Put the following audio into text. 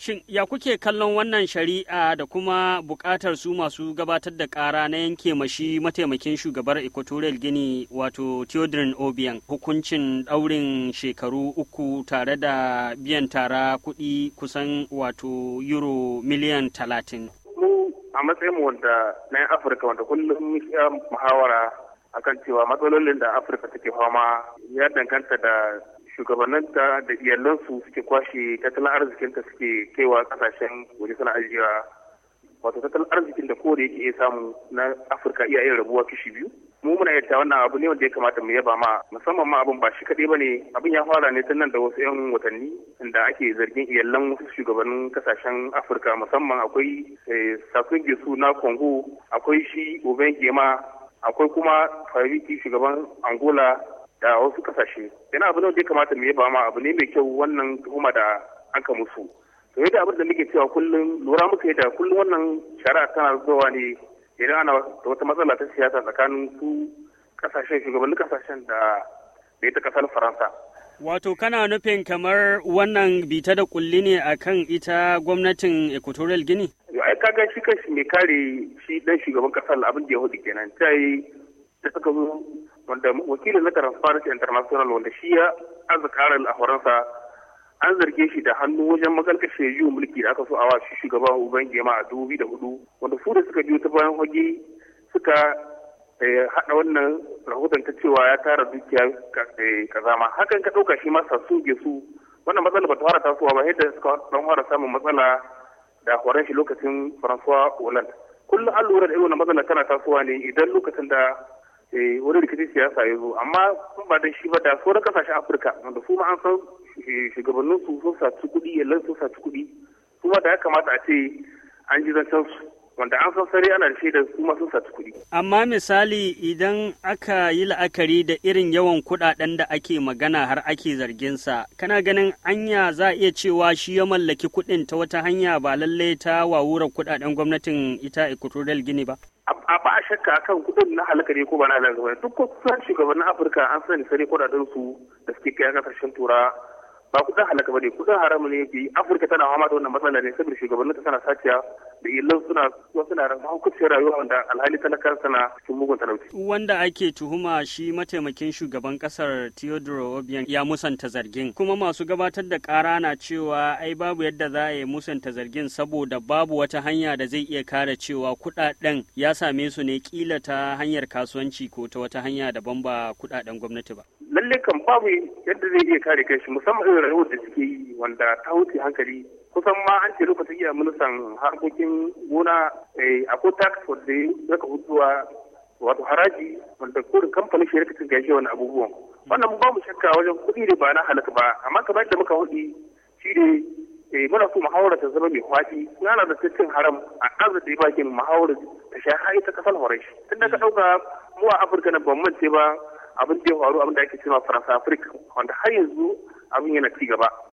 Shin ya kuke kallon wannan shari'a da kuma buƙatar su masu gabatar da ƙara na yanke mashi mataimakin shugabar Equatorial Guinea wato Theodorin Obiang hukuncin ɗaurin shekaru uku tare da biyan tara kuɗi kusan wato euro miliyan talatin. Mu a matsayin wanda na Afirka wanda kullum ya muhawara akan cewa matsalolin da afirka take fama ya danganta da ta da iyalansu suke kwashe tattalin arzikinta suke kaiwa kasashen waje suna ajiyewa wato tattalin arzikin da kowane yake iya samu na afirka iya yin rabuwa kishi biyu mu muna yadda wannan abu ne wanda ya kamata mu yaba ma musamman ma abin ba shi kaɗai ba ne abin ya fara ne tun nan da wasu 'yan watanni inda ake zargin iyalan wasu shugabannin kasashen afirka musamman akwai eh, sakon gesu na congo akwai shi oben gema akwai kuma fariki shugaban angola da wasu kasashe yana abu ne da ya kamata mu ba ma abu ne mai kyau wannan tuhuma da aka musu to yadda abin da muke cewa kullum lura muka yi kullum wannan shari'a tana zuwa ne idan ana da wata matsala ta siyasa tsakanin su kasashen shugabannin kasashen da da ita kasar faransa wato kana nufin kamar wannan bita da kulli ne akan ita gwamnatin equatorial guinea ai kaga shi kanshi mai kare shi dan shugaban kasar abin da ya hudu kenan ta da suka zo wanda wakilin na transparency international wanda shi ya arzikarin a faransa an zarge shi da hannu wajen makalkashe yiwu mulki da aka so a wa shi shugaban ubangi ma a dubu biyu da hudu wanda su da suka biyo ta bayan hoge suka eh, haɗa wannan rahoton ta cewa ya tara dukiya eh, kazama hakan ka ɗauka shi ma su ge su wannan matsala ba ta fara tasowa ba yadda suka ɗan fara samun matsala da horon shi lokacin faransuwa Hollande kullum an da irin wannan matsala tana tasowa ne idan lokacin da Eh, wani rikicin siyasa ya zo amma sun ba da shi ba da sauran kasashen afirka wanda su ma an san shugabannin su sun saci kuɗi yallan sun saci kuɗi su ma da ya kamata a ce an ji zancen su wanda an san sare ana da da su ma sun saci kuɗi. amma misali idan aka yi la'akari da irin yawan kuɗaɗen da ake magana har ake zargin sa kana ganin anya za a iya cewa shi ya mallaki kuɗin ta wata hanya ba lallai ta wawurar kuɗaɗen gwamnatin ita equatorial gini ba. a ba shakka akan kudin na halaka ne ko ba na halaka ba duk kusan shugabannin afirka an sani sani kudaden su da suke kayan kasashen turawa ba kudin halaka bane kudin haramu ne yake afirka tana fama da wannan matsala ne saboda shugabannin ta tana sakiya da illan suna kuma suna hukuncin rayuwa wanda alhali talakar sana cikin mugun talauci wanda ake tuhuma shi mataimakin shugaban kasar Theodore Obiang ya musanta zargin kuma masu gabatar da kara na cewa ai babu yadda za a yi musanta zargin saboda babu wata hanya da zai iya kare cewa kudaden ya same su ne kila ta hanyar kasuwanci ko ta wata hanya daban ba kudaden gwamnati ba lalle kan babu yadda zai iya kare kai shi musamman irin rayuwar da suke yi wanda ta wuce hankali kusan ma an ce lokacin iya ministan harkokin gona a eh, akwai tax wanda ya ka hutuwa wato haraji wanda kodin kamfanin shi rikicin gaishe wani abubuwan wannan ba mu shakka wajen kuɗi ne ba na halaka ba amma kamar da muka hudu shi ne eh muna so muhawara ta zama mai kwaci yana da cikin haram a ƙasa da bakin muhawara ta sha ta kasar horai tun da ka ɗauka mu a afirka na ban mance ba abin da ya faru abin da ake cewa faransa afirka wanda har yanzu abin yana ci gaba